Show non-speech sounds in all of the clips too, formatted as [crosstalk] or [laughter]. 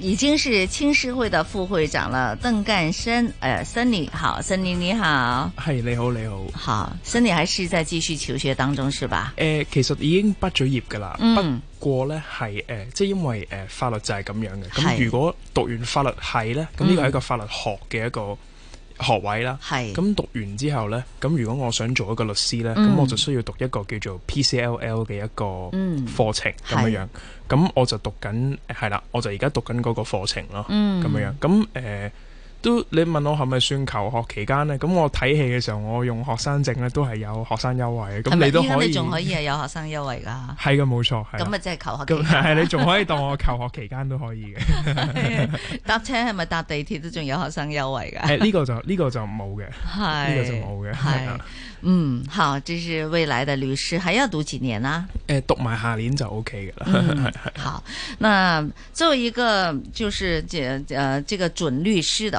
已經是青獅會的副會長了，鄧幹燊，誒、呃，燊呢，好，燊呢，你好，係你好你好，你好，燊呢還是在繼續求學當中是吧？誒、呃，其實已經畢咗業㗎喇，嗯、不過呢係誒、呃，即係因為誒、呃、法律就係咁樣嘅，咁是如果讀完法律系呢？咁呢個係一個法律學嘅一個。嗯學位啦，咁是讀完之後呢？咁如果我想做一個律師呢，咁、嗯、我就需要讀一個叫做 PCLL 嘅一個課程咁樣、嗯、樣，咁是我就讀緊，係啦，我就而家讀緊嗰個課程咯，咁樣、嗯、樣，咁誒。呃都你問我係咪算求學期間咧？咁、嗯、我睇戲嘅時候，我用學生證咧都係有學生優惠嘅。咁而家你仲可以係有學生優惠噶？係噶，冇錯。咁咪即係求學期間 [laughs] 你仲可以當我求學期間都可以嘅。搭車係咪搭地鐵都仲有學生優惠噶？呢、這個就呢、這個就冇嘅。係呢 [laughs] 個就冇嘅。係嗯，好，這是未來嘅律師，還要讀幾年啊？誒，讀埋下年就 OK 嘅啦、 [laughs] 嗯。好，那作為一個就是這誒、呃，這個準律師的。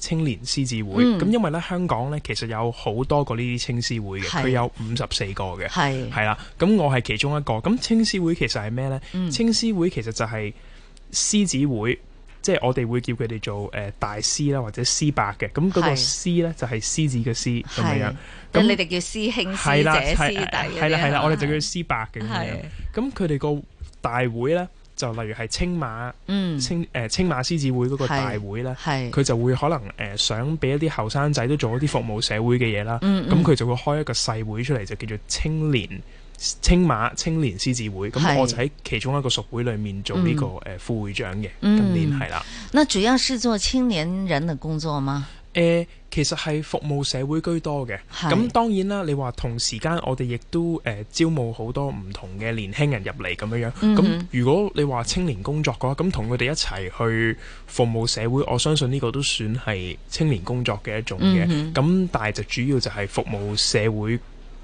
青年獅子會，咁因為咧香港咧其實有好多個呢啲青獅會嘅，佢有五十四個嘅，係啦。咁我係其中一個。咁青獅會其實係咩咧？青獅會其實就係獅子會，即係我哋會叫佢哋做誒大獅啦，或者獅伯嘅。咁嗰個獅咧就係獅子嘅獅，咁樣。咁你哋叫師兄、師姐、師弟，係啦係啦，我哋就叫師伯嘅咁咁佢哋個大會咧，就例如係青馬，嗯、青誒、呃、青馬獅子會嗰個大會咧，佢就會可能誒、呃、想俾一啲後生仔都做一啲服務社會嘅嘢啦，咁佢、嗯嗯、就會開一個細會出嚟，就叫做青年青馬青年獅子會，咁我就喺其中一個屬會裏面做呢個誒副會長嘅，是今年係啦。嗯、的那主要是做青年人嘅工作嗎？誒，其實係服務社會居多嘅，咁的當然啦。你話同時間我，我哋亦都誒招募好多唔同嘅年輕人入嚟咁樣樣。咁、嗯、哼如果你話青年工作嘅話，咁同佢哋一齊去服務社會，我相信呢個都算係青年工作嘅一種嘅。咁、嗯、哼但係就主要就係服務社會。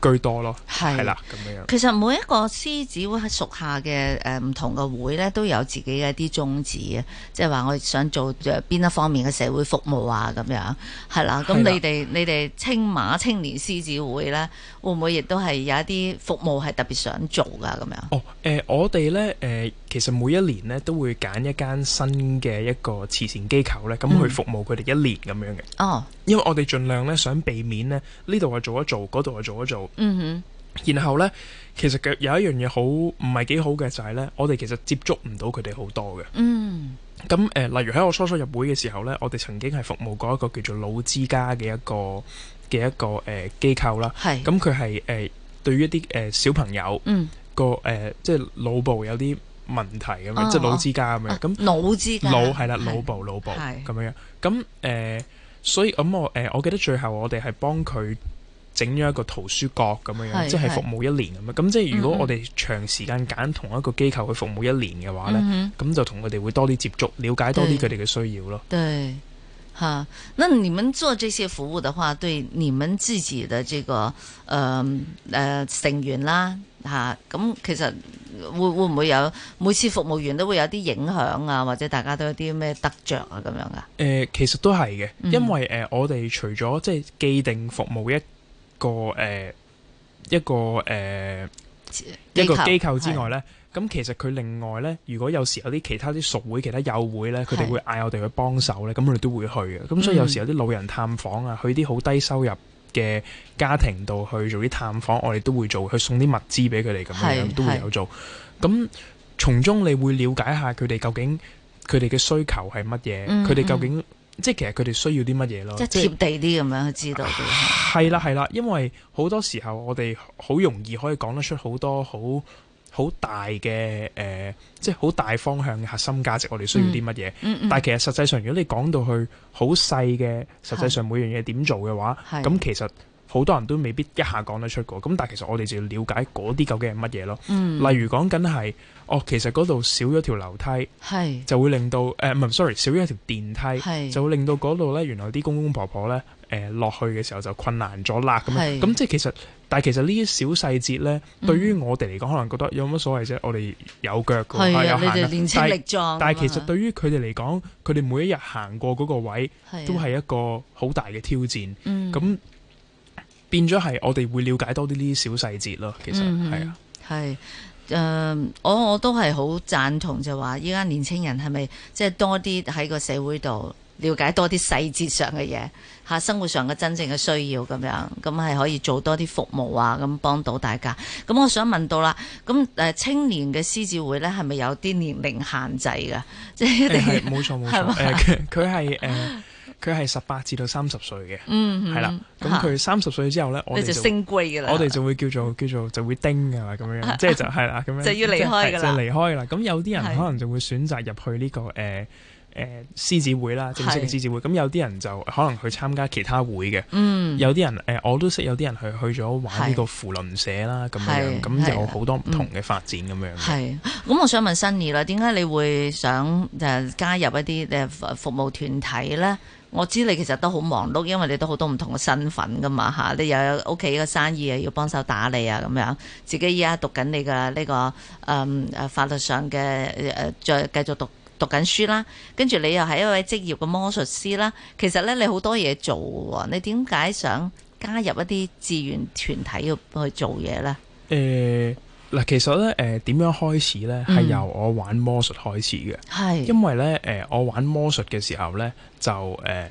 最多咯，係啦，咁樣。其實每一個獅子屬、呃、會屬下嘅誒唔同嘅會咧，都有自己嘅一啲宗旨啊，即係話我想做誒邊一方面嘅社會服務啊，咁樣係啦。咁你哋的你哋青馬青年獅子會咧，會唔會亦都係有一啲服務係特別想做噶？咁樣？哦，誒、呃，我哋咧，誒、呃。其實每一年咧都會揀一間新嘅一個慈善機構咧，咁去服務佢哋一年咁樣嘅、嗯。哦，因為我哋盡量咧想避免咧呢度啊做一做，嗰度啊做一做。嗯哼。然後咧，其實有一樣嘢好唔係幾好嘅就係、是、咧，我哋其實接觸唔到佢哋好多嘅。嗯。咁誒、呃，例如喺我初初入會嘅時候咧，我哋曾經係服務過一個叫做老之家嘅一個嘅一個誒機、呃、構啦。係是。咁佢係誒對於一啲誒、呃、小朋友，嗯，個誒、呃、即係腦部有啲。問題咁樣，哦、即係腦之家咁樣，咁腦之家，腦係啦，腦部、腦的部咁的樣。咁、呃、誒，所以咁我誒，我記得最後我哋係幫佢整咗一個圖書角咁樣樣，即係的服務一年咁樣。咁即係如果我哋長時間揀同一個機構去服務一年嘅話咧，咁、嗯、哼就同佢哋會多啲接觸，了解多啲佢哋嘅需要咯。對對。吓、啊，那你們做這些服務的話，對你們自己的這個，呃，呃，成員啦，吓、啊，咁其實會會唔會有每次服務員都會有啲影響啊，或者大家都有啲咩得着啊咁樣噶、啊？誒、呃，其實都係嘅，因為誒、呃、我哋除咗即係既定服務一個誒、呃、一個誒、呃、構一個機構之外咧。咁其實佢另外呢，如果有時有啲其他啲熟會、其他友會呢，佢哋會嗌我哋去幫手呢。咁我哋都會去嘅。咁所以有時有啲老人探訪啊，嗯、去啲好低收入嘅家庭度去做啲探訪，我哋都會做，去送啲物資俾佢哋咁樣，是都會有做。咁是從中你會了解下佢哋究竟佢哋嘅需求係乜嘢，佢哋、嗯嗯、究竟即係其實佢哋需要啲乜嘢咯，即係貼地啲咁樣知道。係啦係啦，因為好多時候我哋好容易可以講得出好多好。好大嘅誒、呃，即係好大方向嘅核心價值，我哋需要啲乜嘢？嗯嗯嗯、但係其實實際上，如果你講到去好細嘅，實際上每樣嘢點做嘅話，咁是其實。好多人都未必一下講得出個，咁但係其實我哋就要了解嗰啲究竟係乜嘢咯。嗯、例如講緊係，哦，其實嗰度少咗條樓梯，是就會令到誒唔係，sorry，少咗一條電梯，是就會令到嗰度咧原來啲公公婆婆咧誒落去嘅時候就困難咗啦。咁咁即係其實，但係其實呢啲小細節咧，嗯、對於我哋嚟講，可能覺得有乜所謂啫？我哋有腳、啊啊、有行，啊，你哋年青力壯，但係其實對於佢哋嚟講，佢哋每一日行過嗰個位、啊、都係一個好大嘅挑戰。咁變咗係我哋會了解多啲呢啲小細節咯，其實係啊，係誒、嗯是嗯，我我都係好贊同就話，依家年輕人係咪即係多啲喺個社會度了解多啲細節上嘅嘢，吓，生活上嘅真正嘅需要咁樣，咁係可以做多啲服務啊，咁幫到大家。咁我想問到啦，咁誒青年嘅獅子會咧，係咪有啲年齡限制噶？即、係、一定係冇錯冇錯，佢係誒。嗎 [laughs] 佢係十八至到三十歲嘅，係啦。咁佢三十歲之後咧，我哋就升規噶啦，我哋就會叫做叫做就會叮噶啦，咁樣樣，即係就係啦，咁樣就要離開噶啦，就離開啦。咁有啲人可能就會選擇入去呢個誒誒獅子會啦，正式嘅獅子會。咁有啲人就可能去參加其他會嘅，嗯。有啲人誒，我都識有啲人去去咗玩呢個扶輪社啦，咁樣咁有好多唔同嘅發展咁樣。係。咁我想問新儀啦，點解你會想誒加入一啲誒服務團體咧？我知你其實都好忙碌，因為你都好多唔同嘅身份㗎嘛，吓、啊，你又有屋企嘅生意啊，要幫手打理啊咁樣，自己依家讀緊你嘅呢、這個誒誒、嗯、法律上嘅誒再繼續讀讀緊書啦，跟住你又係一位職業嘅魔術師啦，其實咧你好多嘢做，你點解想加入一啲志願團體去做嘢咧？誒、欸。嗱，其實咧，誒、呃、點樣開始咧，係由我玩魔術開始嘅。係、嗯，因為咧，誒、呃、我玩魔術嘅時候咧，就誒、呃，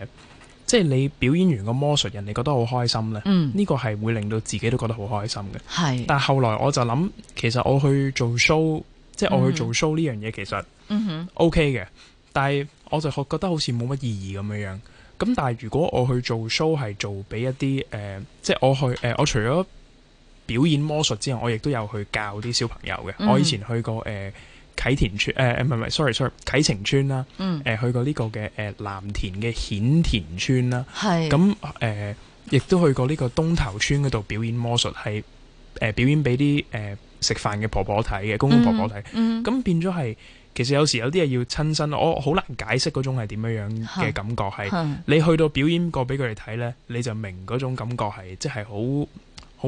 即係你表演完個魔術，人哋覺得好開心咧。嗯，呢個係會令到自己都覺得好開心嘅。係、嗯，但係後來我就諗，其實我去做 show，即係我去做 show 呢樣嘢，其實嗯哼 OK 嘅。但係我就學覺得好似冇乜意義咁樣樣。咁但係如果我去做 show 係做俾一啲誒、呃，即係我去誒、呃，我除咗。表演魔術之後，我亦都有去教啲小朋友嘅。我以前去過誒啟田村誒，唔係唔係，sorry sorry，啟程村啦。嗯。誒去過呢個嘅誒藍田嘅顯田村啦。係。咁誒亦都去過呢個東頭村嗰度表演魔術，係誒表演俾啲誒食飯嘅婆婆睇嘅公公婆婆睇。咁變咗係，其實有時有啲嘢要親身，我好難解釋嗰種係點樣嘅感覺係。你去到表演過俾佢哋睇咧，你就明嗰種感覺係即係好。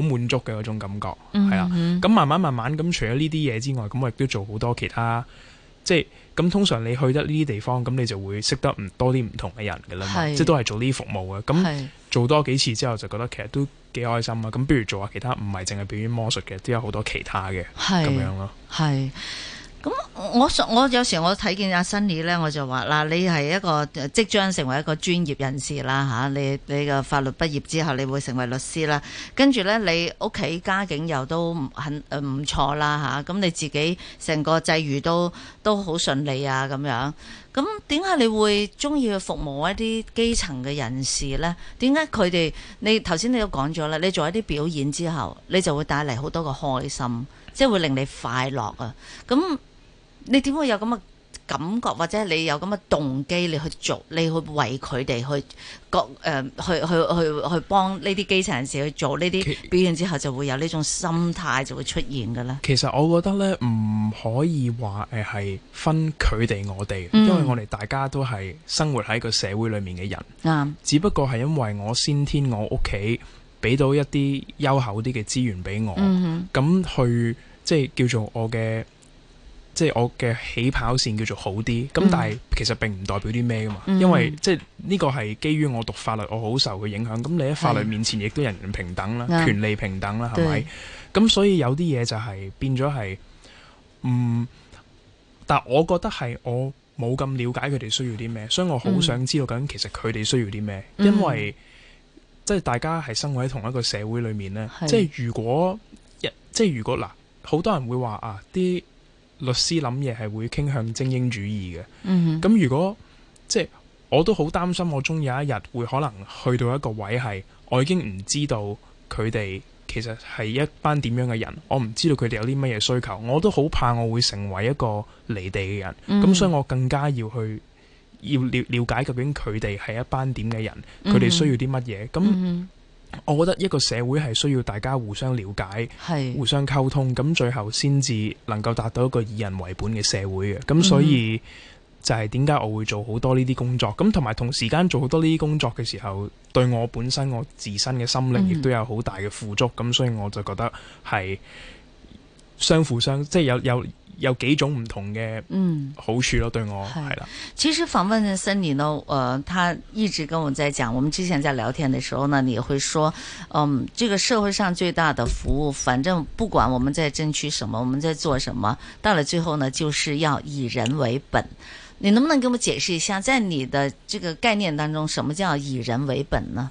好滿足嘅嗰種感覺，係啦，嗯哼，咁慢慢慢慢咁除咗呢啲嘢之外，咁我亦都做好多其他，即係咁通常你去得呢啲地方，咁你就會識得唔多啲唔同嘅人㗎喇嘛，是即係都係做呢啲服務嘅，咁是做多幾次之後就覺得其實都幾開心啊！咁不如做下其他，唔係淨係表演魔術嘅，都有好多其他嘅咁是樣咯，係。咁、嗯、我我有時我睇見阿 Sunny 咧，我就話啦，你係一個即將成為一個專業人士啦吓、啊，你你個法律畢業之後你會成為律師啦，跟住咧你屋企家境又都唔誒唔錯啦吓，咁、呃啊、你自己成個際遇都都好順利啊咁、啊、樣，咁點解你會中意去服務一啲基層嘅人士咧？點解佢哋你頭先你都講咗啦，你做一啲表演之後，你就會帶嚟好多個開心，即係會令你快樂啊，咁、啊。嗯你點會有咁嘅感覺，或者你有咁嘅動機，你去做，你去為佢哋去各誒、呃，去去去去幫呢啲基層人士去做呢啲表現之後，其就會有呢種心態就會出現嘅咧。其實我覺得咧，唔可以話誒係分佢哋我哋，嗯、因為我哋大家都係生活喺個社會裡面嘅人。啊，嗯、只不過係因為我先天我屋企俾到一啲優厚啲嘅資源俾我，咁、嗯、哼 去即係叫做我嘅。即係我嘅起跑線叫做好啲，咁但係其實並唔代表啲咩噶嘛，因為即係呢個係基於我讀法律，我好受佢影響。咁你喺法律面前亦都人人平等啦，權利平等啦，係咪？咁所以有啲嘢就係變咗係，嗯，但係我覺得係我冇咁了解佢哋需要啲咩，所以我好想知道緊其實佢哋需要啲咩，因為即係大家係生活喺同一個社會裏面咧，即係如果即係如果嗱，好多人會話啊啲。律師諗嘢係會傾向精英主義嘅，咁、mm hmm. 如果即係我都好擔心，我終有一日會可能去到一個位係，我已經唔知道佢哋其實係一班點樣嘅人，我唔知道佢哋有啲乜嘢需求，我都好怕我會成為一個離地嘅人，咁、mm hmm. 所以我更加要去要了了解究竟佢哋係一班點嘅人，佢哋需要啲乜嘢咁。我覺得一個社會係需要大家互相了解、是互相溝通，咁最後先至能夠達到一個以人為本嘅社會嘅。咁所以就係點解我會做好多呢啲工作，咁同埋同時間做好多呢啲工作嘅時候，對我本身我自身嘅心靈亦都有好大嘅富足。咁所以我就覺得係相互相，即係有有。有有幾種唔同嘅好處咯，嗯、對我係啦。的其實訪問燊 Sir 呢，誒、呃，他一直跟我在講，我們之前在聊天的時候呢，你也會說，嗯，這個社會上最大的服務，反正不管我們在爭取什麼，我們在做什麼，到了最後呢，就是要以人為本。你能不能跟我解釋一下，在你的這個概念當中，什麼叫以人為本呢？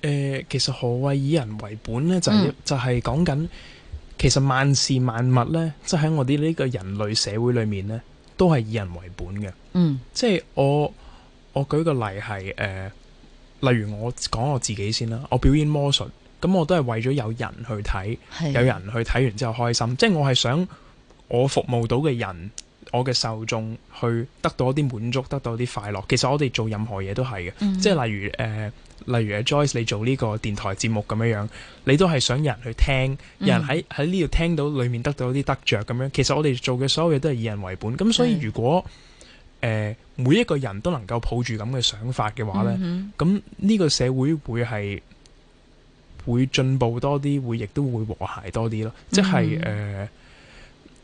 誒、呃，其實何謂以人為本呢？就係、是嗯、就係講緊。其實萬事萬物呢，即係喺我哋呢個人類社會裏面呢，都係以人為本嘅。嗯，即係我我舉個例係誒，例如我講我自己先啦，我表演魔術，咁我都係為咗有人去睇，的有人去睇完之後開心，即係我係想我服務到嘅人。我嘅受眾去得到一啲滿足，得到一啲快樂。其實我哋做任何嘢都係嘅，嗯、哼即係例如誒、呃，例如 Joyce 你做呢個電台節目咁樣樣，你都係想有人去聽，嗯、哼有人喺喺呢度聽到裏面得到一啲得着咁樣。其實我哋做嘅所有嘢都係以人為本。咁所以如果誒是、呃、每一個人都能夠抱住咁嘅想法嘅話呢，咁呢、嗯、哼個社會會係會進步多啲，會亦都會和諧多啲咯。嗯、哼即係誒。呃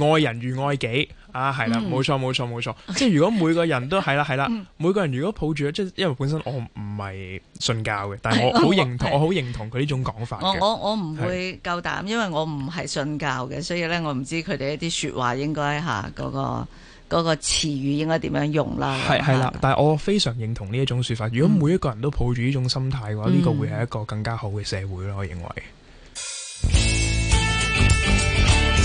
愛人如愛己啊，係啦，冇錯冇錯冇錯。即係如果每個人都係啦係啦，每個人如果抱住，即係因為本身我唔係信教嘅，但我好認同，我好認同佢呢種講法嘅。我我我唔會夠膽，因為我唔係信教嘅，所以咧我唔知佢哋一啲説話應該嚇嗰個嗰個詞語應該點樣用啦。係係啦，但係我非常認同呢一種說法。如果每一個人都抱住呢種心態嘅話，呢個會係一個更加好嘅社會咯。我認為。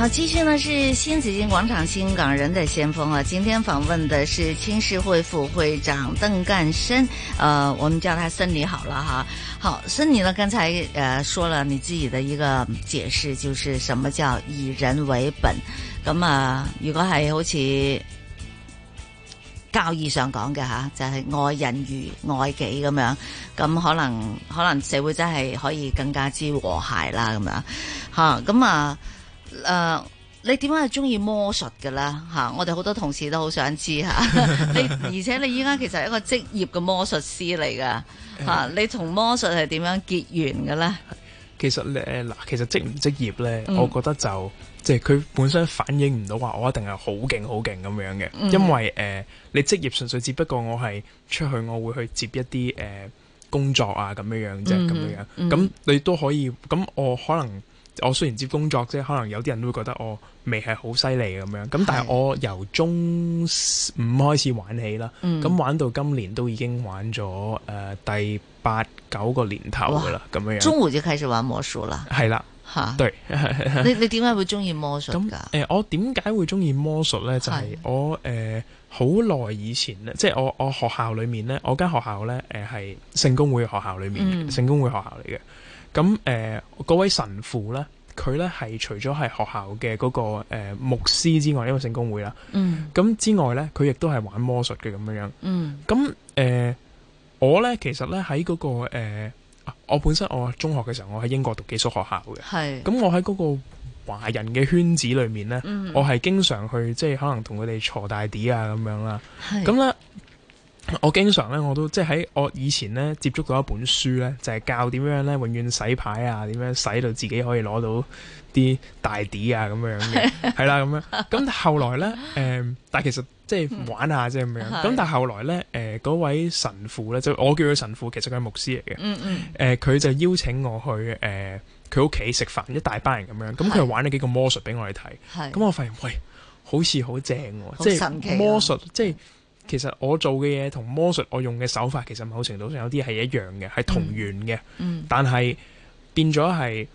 好，繼續呢是新紫金廣場，新港人的先鋒啊！今天訪問的是青獅會副會長鄧幹燊，呃，我們叫他森尼好了哈。好，森尼呢，剛才呃說了你自己的一個解釋，就是什麼叫以人為本。咁啊，如果係好似教義上講嘅吓，就係、是、愛人如愛己咁樣，咁可能可能社會真係可以更加之和諧啦咁樣，吓咁啊。誒，uh, 你點解係中意魔術嘅咧？吓、uh,，我哋好多同事都好想知吓。 [laughs] 你而且你依家其實係一個職業嘅魔術師嚟噶吓，uh, uh, 你同魔術係點樣結緣嘅咧？其實咧嗱，其實職唔職業咧，我覺得就即係佢本身反映唔到話我一定係好勁好勁咁樣嘅，因為誒、嗯哼呃、你職業純粹只不過我係出去我會去接一啲誒、呃、工作啊咁樣樣啫，咁樣樣咁你都可以咁我可能。我雖然接工作啫，可能有啲人都會覺得我未係好犀利咁樣。咁但係我由中五開始玩起啦，咁、嗯、玩到今年都已經玩咗誒、呃、第八九個年頭啦，咁哇樣。中午就開始玩魔術啦。係啦了，嚇哈。對。 [laughs] 你你點解會中意魔術㗎？誒、呃，我點解會中意魔術咧？就係、是、我誒好耐以前咧，即係我我學校裏面咧，我間學校咧誒係聖公會學校裏面嘅聖公會學校嚟嘅。咁誒嗰位神父呢，佢呢係除咗係學校嘅嗰、那個、呃、牧師之外，因為聖公會啦。嗯。咁之外呢，佢亦都係玩魔術嘅咁樣。嗯。咁誒、呃，我呢，其實呢，喺嗰、那個、呃、我本身我中學嘅時候我喺英國讀寄宿學校嘅。係是。咁我喺嗰個華人嘅圈子裡面呢，嗯、我係經常去即係可能同佢哋鋤大 D 啊咁樣啦。咁咧是。我經常咧，我都即係喺我以前咧，接觸到一本書咧，就係教點樣咧永遠洗牌啊，點樣洗到自己可以攞到啲大碟啊咁樣嘅，係啦咁樣。咁後來咧，誒，但係其實即係玩下即係咁樣。咁但係後來咧，誒，嗰位神父咧，就我叫佢神父，其實佢係牧師嚟嘅。嗯。誒，佢就邀請我去誒佢屋企食飯，一大班人咁樣。咁佢玩咗幾個魔術俾我哋睇。咁我發現，喂，好似好正，即係魔術，即係。其實我做嘅嘢同魔術我用嘅手法，其實某程度上有啲係一樣嘅，係同源嘅。嗯、但係變咗係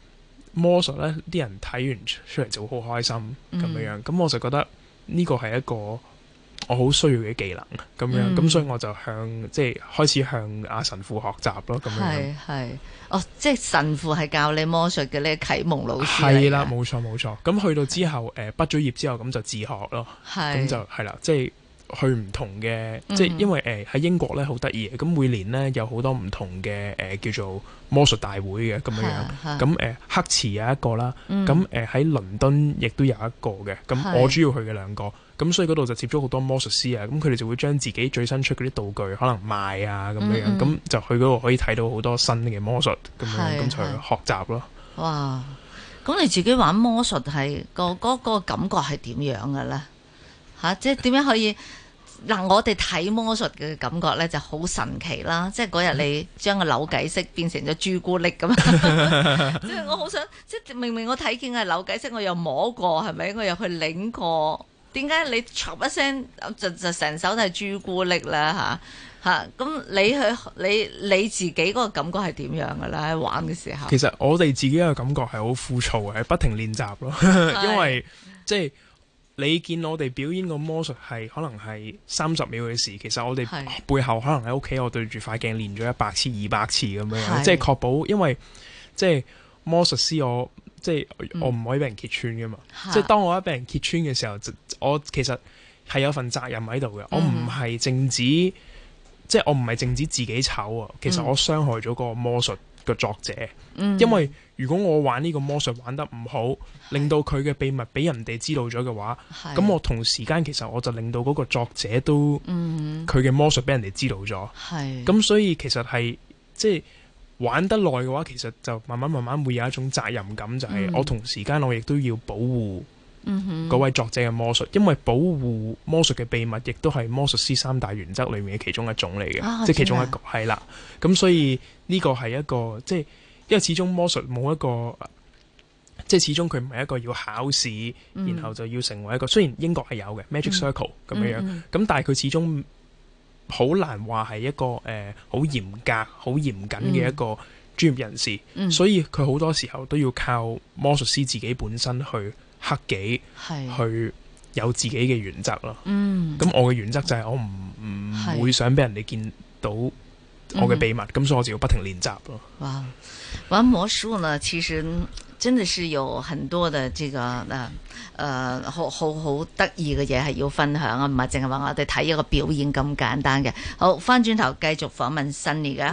魔術呢啲人睇完出嚟就會好開心咁樣、嗯、樣。咁我就覺得呢個係一個我好需要嘅技能咁樣。咁、嗯、所以我就向即係開始向阿神父學習咯。咁樣係哦，即係神父係教你魔術嘅呢啟蒙老師嚟嘅。係啦，冇錯冇錯。咁去到之後誒，畢、呃、咗業之後咁就自學咯。係咁就係啦是，即係。即去唔同嘅，即係因為誒喺英國咧好得意嘅，咁每年咧有好多唔同嘅誒叫做魔術大會嘅咁樣樣，咁誒的黑池有一個啦，咁誒喺倫敦亦都有一個嘅，咁的我主要去嘅兩個，咁所以嗰度就接觸好多魔術師啊，咁佢哋就會將自己最新出嗰啲道具可能賣啊咁樣樣，咁的就去嗰度可以睇到好多新嘅魔術咁樣，咁就的學習咯。哇！咁你自己玩魔術係、嗰個、嗰個感覺係點樣嘅咧？吓、啊，即係點樣可以嗱、啊？我哋睇魔術嘅感覺咧就好神奇啦！即係嗰日你將個扭計式變成咗朱古力咁， [laughs] [laughs] 即係我好想，即係明明我睇見係扭計式，我又摸過，係咪？我又去擰過，點解你唰一聲就就成手都係朱古力啦？吓、啊、吓，咁、啊啊嗯、你去你你自己嗰個感覺係點樣噶咧？喺玩嘅時候，其實我哋自己嘅感覺係好枯燥嘅，係不停練習咯， [laughs] 因為即係。對 就是你見我哋表演個魔術係可能係三十秒嘅事，其實我哋背後可能喺屋企，我對住塊鏡練咗一百次、二百次咁樣，是即係確保，因為即係魔術師我，我即係我唔可以俾人揭穿㗎嘛。嗯、即係當我一俾人揭穿嘅時候，我其實係有份責任喺度嘅。我唔係淨止，嗯、即係我唔係淨止自己醜啊！其實我傷害咗個魔術。個作者，因為如果我玩呢個魔術玩得唔好，令到佢嘅秘密俾人哋知道咗嘅話，咁是的 我同時間其實我就令到嗰個作者都，佢嘅、嗯、魔術俾人哋知道咗，咁是的 所以其實係即係玩得耐嘅話，其實就慢慢慢慢會有一種責任感，就係、是、我同時間我亦都要保護。嗰、嗯、位作者嘅魔術，因為保護魔術嘅秘密，亦都係魔術師三大原則裏面嘅其中一種嚟嘅，啊、即係其中一個係啦。咁、啊、所以呢個係一個即係，因為始終魔術冇一個，即係始終佢唔係一個要考試，嗯、哼然後就要成為一個。雖然英國係有嘅 Magic Circle 咁、嗯、樣，咁、嗯、哼但係佢始終好難話係一個誒好嚴格、好嚴謹嘅一個專業人士。嗯、所以佢好多時候都要靠魔術師自己本身去。黑己去有自己嘅原則咯，嗯，咁我嘅原則就係我唔唔會想俾人哋見到我嘅秘密，咁、嗯、所以我就要不停練習咯。哇！玩魔術呢，其實真的是有很多的這個，誒誒好好好得意嘅嘢係要分享啊，唔係淨係話我哋睇一個表演咁簡單嘅。好，翻轉頭繼續訪問新嘢嘅。